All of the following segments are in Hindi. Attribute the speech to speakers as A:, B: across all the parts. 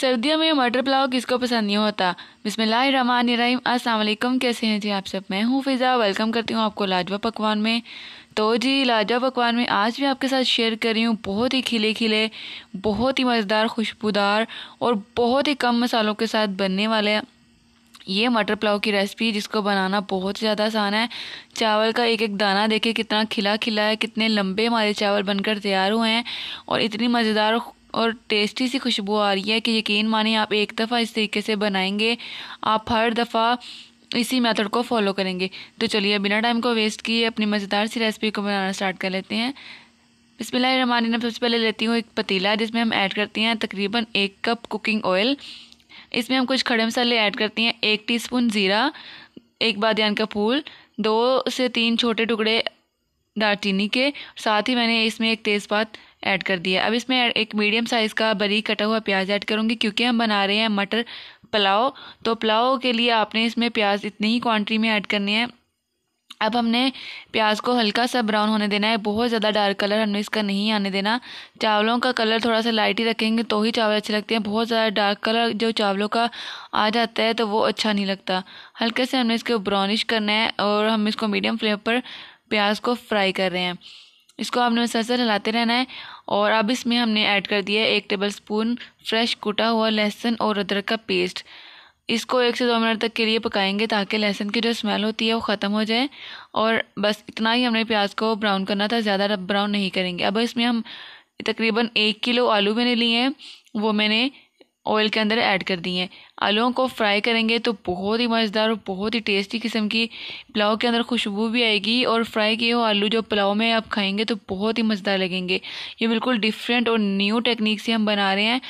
A: सर्दियों में मटर पुलाव किसको पसंद नहीं होता रही अस्सलाम कैसे हैं जी आप सब मैं हूँ फ़िज़ा वेलकम करती हूँ आपको लाजवा पकवान में तो जी लाजवा पकवान में आज भी आपके साथ शेयर कर रही हूँ बहुत ही खिले खिले बहुत ही मज़ेदार खुशबूदार और बहुत ही कम मसालों के साथ बनने वाले ये मटर पुलाव की रेसिपी जिसको बनाना बहुत ज़्यादा आसान है चावल का एक एक दाना देखे कितना खिला खिला है कितने लंबे हमारे चावल बनकर तैयार हुए हैं और इतनी मज़ेदार और टेस्टी सी खुशबू आ रही है कि यकीन माने आप एक दफ़ा इस तरीके से बनाएंगे आप हर दफ़ा इसी मेथड को फॉलो करेंगे तो चलिए बिना टाइम को वेस्ट किए अपनी मज़ेदार सी रेसिपी को बनाना स्टार्ट कर लेते हैं ने सबसे पहले लेती हूँ एक पतीला जिसमें हम ऐड करते हैं तकरीबन एक कप कुकिंग ऑयल इसमें हम कुछ खड़े मसाले ऐड करते हैं एक टीस्पून ज़ीरा एक बादन का फूल दो से तीन छोटे टुकड़े दालचीनी के साथ ही मैंने इसमें एक तेज़पात ऐड कर दिया अब इसमें एक मीडियम साइज़ का बरी कटा हुआ प्याज ऐड करूँगी क्योंकि हम बना रहे हैं मटर पुलाव तो पुलाव के लिए आपने इसमें प्याज इतनी ही क्वान्टिटी में ऐड करनी है अब हमने प्याज को हल्का सा ब्राउन होने देना है बहुत ज़्यादा डार्क कलर हमने इसका नहीं आने देना चावलों का कलर थोड़ा सा लाइट ही रखेंगे तो ही चावल अच्छे लगते हैं बहुत ज़्यादा डार्क कलर जो चावलों का आ जाता है तो वो अच्छा नहीं लगता हल्के से हमने इसको ब्राउनिश करना है और हम इसको मीडियम फ्लेम पर प्याज को फ्राई कर रहे हैं इसको आपने मुसलसल हिलाते रहना है और अब इसमें हमने ऐड कर दिया है एक टेबल स्पून फ्रेश कूटा हुआ लहसुन और अदरक का पेस्ट इसको एक से दो मिनट तक के लिए पकाएंगे ताकि लहसुन की जो स्मेल होती है वो ख़त्म हो जाए और बस इतना ही हमने प्याज को ब्राउन करना था ज़्यादा ब्राउन नहीं करेंगे अब इसमें हम तकरीबन एक किलो आलू मैंने लिए हैं वो मैंने ऑयल के अंदर ऐड कर दिए हैं आलूओं को फ्राई करेंगे तो बहुत ही मज़ेदार और बहुत ही टेस्टी किस्म की पुलाव के अंदर खुशबू भी आएगी और फ्राई किए हुए आलू जो पुलाव में आप खाएंगे तो बहुत ही मज़ेदार लगेंगे ये बिल्कुल डिफरेंट और न्यू टेक्निक से हम बना रहे हैं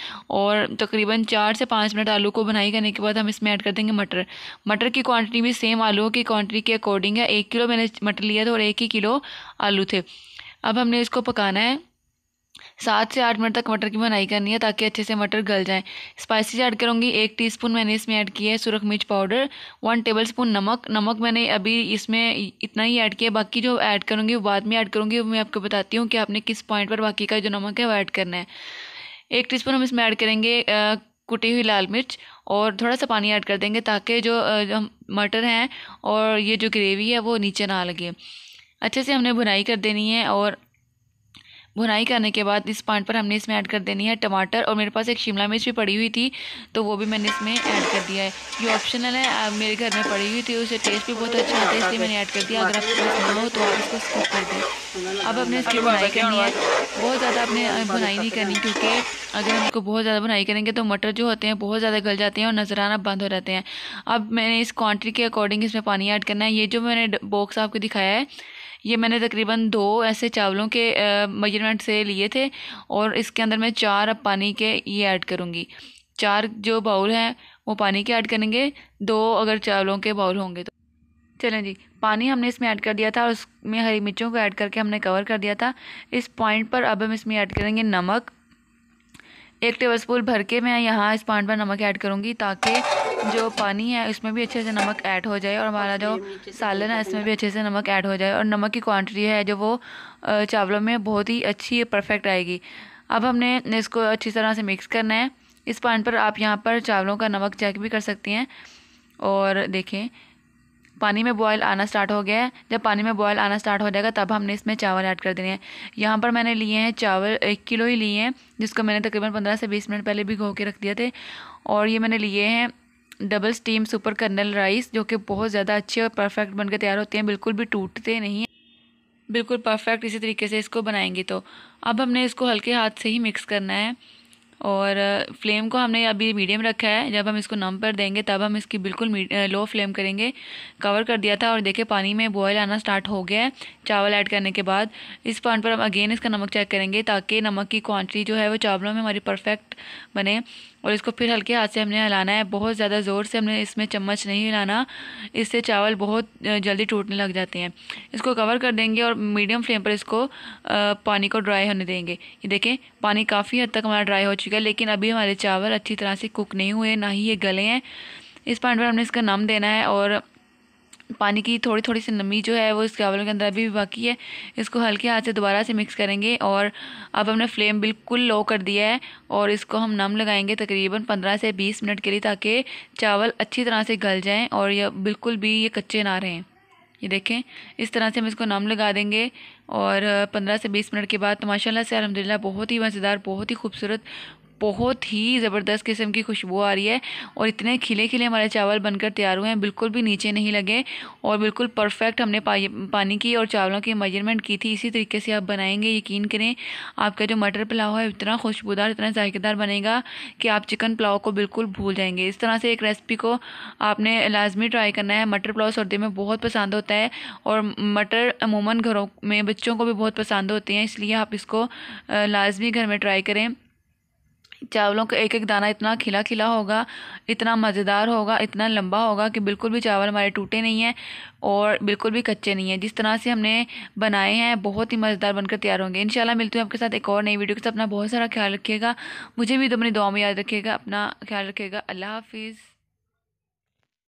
A: और तकरीबन चार से पाँच मिनट आलू को बनाई करने के बाद हम इसमें ऐड कर देंगे मटर मटर की क्वान्टिटी भी सेम आलुओं की क्वान्टिटी के अकॉर्डिंग है एक किलो मैंने मटर लिया था और एक ही किलो आलू थे अब हमने इसको पकाना है सात से आठ मिनट तक मटर की बनाई करनी है ताकि अच्छे से मटर गल जाएँ स्पाइसेस ऐड करूँगी एक टीस्पून मैंने इसमें ऐड किया है सुरख मिर्च पाउडर वन टेबलस्पून नमक नमक मैंने अभी इसमें इतना ही ऐड किया बाकी जो ऐड करूँगी वो बाद में ऐड करूँगी वो मैं आपको बताती हूँ कि आपने किस पॉइंट पर बाकी का जो नमक है वो ऐड करना है एक स्पून हम इसमें ऐड करेंगे कुटी हुई लाल मिर्च और थोड़ा सा पानी ऐड कर देंगे ताकि जो, जो मटर हैं और ये जो ग्रेवी है वो नीचे ना लगे अच्छे से हमने भुनाई कर देनी है और भुनाई करने के बाद इस पॉइंट पर हमने इसमें ऐड कर देनी है टमाटर और मेरे पास एक शिमला मिर्च भी पड़ी हुई थी तो वो भी मैंने इसमें ऐड कर दिया है ये ऑप्शनल है मेरे घर में पड़ी हुई थी उसे टेस्ट भी बहुत अच्छा आता है इसलिए मैंने ऐड कर दिया अगर आपको पसंद हो तो आप इसको स्किप कर दें अब हमने इसकी भुनाई करनी है बहुत ज़्यादा अपने भुनाई नहीं करनी क्योंकि अगर हम इसको बहुत ज़्यादा भुनाई करेंगे तो मटर जो होते हैं बहुत ज़्यादा गल जाते हैं और नज़र आना बंद हो जाते हैं अब मैंने इस क्वान्टिटी के अकॉर्डिंग इसमें पानी ऐड करना है ये जो मैंने बॉक्स आपको दिखाया है ये मैंने तकरीबन दो ऐसे चावलों के मेजरमेंट से लिए थे और इसके अंदर मैं चार अब पानी के ये ऐड करूँगी चार जो बाउल हैं वो पानी के ऐड करेंगे दो अगर चावलों के बाउल होंगे तो चलें जी पानी हमने इसमें ऐड कर दिया था और उसमें हरी मिर्चों को ऐड करके हमने कवर कर दिया था इस पॉइंट पर अब हम इसमें ऐड करेंगे नमक एक टेबल स्पून भर के मैं यहाँ इस पॉइंट पर नमक ऐड करूँगी ताकि जो पानी है इसमें भी अच्छे से नमक ऐड हो जाए और हमारा जो सालन है इसमें भी अच्छे से नमक ऐड हो जाए और नमक की क्वांटिटी है जो वो चावलों में बहुत ही अच्छी परफेक्ट आएगी अब हमने इसको अच्छी तरह से मिक्स करना है इस पॉइंट पर आप यहाँ पर चावलों का नमक चेक भी कर सकती हैं और देखें पानी में बॉयल आना स्टार्ट हो गया है जब पानी में बॉयल आना स्टार्ट हो जाएगा तब हमने इसमें चावल ऐड कर देने हैं यहाँ पर मैंने लिए हैं चावल एक किलो ही लिए हैं जिसको मैंने तकरीबन पंद्रह से बीस मिनट पहले भी घो के रख दिया थे और ये मैंने लिए हैं double steam super kernel rice जो कि बहुत ज़्यादा अच्छे और परफेक्ट बनकर तैयार होते हैं बिल्कुल भी टूटते नहीं बिल्कुल परफेक्ट इसी तरीके से इसको बनाएंगे तो अब हमने इसको हल्के हाथ से ही मिक्स करना है और फ्लेम को हमने अभी मीडियम रखा है जब हम इसको नम पर देंगे तब हम इसकी बिल्कुल लो फ्लेम करेंगे कवर कर दिया था और देखिए पानी में बॉयल आना स्टार्ट हो गया है चावल ऐड करने के बाद इस पॉइंट पर हम अगेन इसका नमक चेक करेंगे ताकि नमक की क्वांटिटी जो है वो चावलों में हमारी परफेक्ट बने और इसको फिर हल्के हाथ से हमने हिलाना है बहुत ज़्यादा ज़ोर से हमने इसमें चम्मच नहीं हिलाना इससे चावल बहुत जल्दी टूटने लग जाते हैं इसको कवर कर देंगे और मीडियम फ्लेम पर इसको पानी को ड्राई होने देंगे ये देखें पानी काफ़ी हद तक हमारा ड्राई हो चुका है लेकिन अभी हमारे चावल अच्छी तरह से कुक नहीं हुए ना ही ये गले हैं इस पॉइंट पर हमने इसका नम देना है और पानी की थोड़ी थोड़ी सी नमी जो है वो इस चावलों के अंदर अभी भी बाकी है इसको हल्के हाथ से दोबारा से मिक्स करेंगे और अब हमने फ्लेम बिल्कुल लो कर दिया है और इसको हम नम लगाएंगे तकरीबन 15 से 20 मिनट के लिए ताकि चावल अच्छी तरह से गल जाएं और यह बिल्कुल भी ये कच्चे ना रहें ये देखें इस तरह से हम इसको नम लगा देंगे और 15 से 20 मिनट के बाद तो माशाल्लाह से अलहमदिल्ला बहुत ही मज़ेदार बहुत ही खूबसूरत बहुत ही ज़बरदस्त किस्म की खुशबू आ रही है और इतने खिले खिले हमारे चावल बनकर तैयार हुए हैं बिल्कुल भी नीचे नहीं लगे और बिल्कुल परफेक्ट हमने पानी की और चावलों की मेजरमेंट की थी इसी तरीके से आप बनाएंगे यकीन करें आपका जो मटर पुलाव है इतना खुशबूदार इतना जायकेदार बनेगा कि आप चिकन पुलाव को बिल्कुल भूल जाएंगे इस तरह से एक रेसिपी को आपने लाजमी ट्राई करना है मटर पुलाव सर्दी में बहुत पसंद होता है और मटर अमूमन घरों में बच्चों को भी बहुत पसंद होते हैं इसलिए आप इसको लाजमी घर में ट्राई करें चावलों का एक एक दाना इतना खिला खिला होगा इतना मज़ेदार होगा इतना लंबा होगा कि बिल्कुल भी चावल हमारे टूटे नहीं हैं और बिल्कुल भी कच्चे नहीं हैं जिस तरह से हमने बनाए हैं बहुत ही मज़ेदार बनकर तैयार होंगे इन मिलती हूँ आपके साथ एक और नई वीडियो के साथ अपना बहुत सारा ख्याल रखिएगा मुझे भी तो अपनी दुआ में याद रखिएगा अपना ख्याल रखिएगा अल्लाह हाफिज़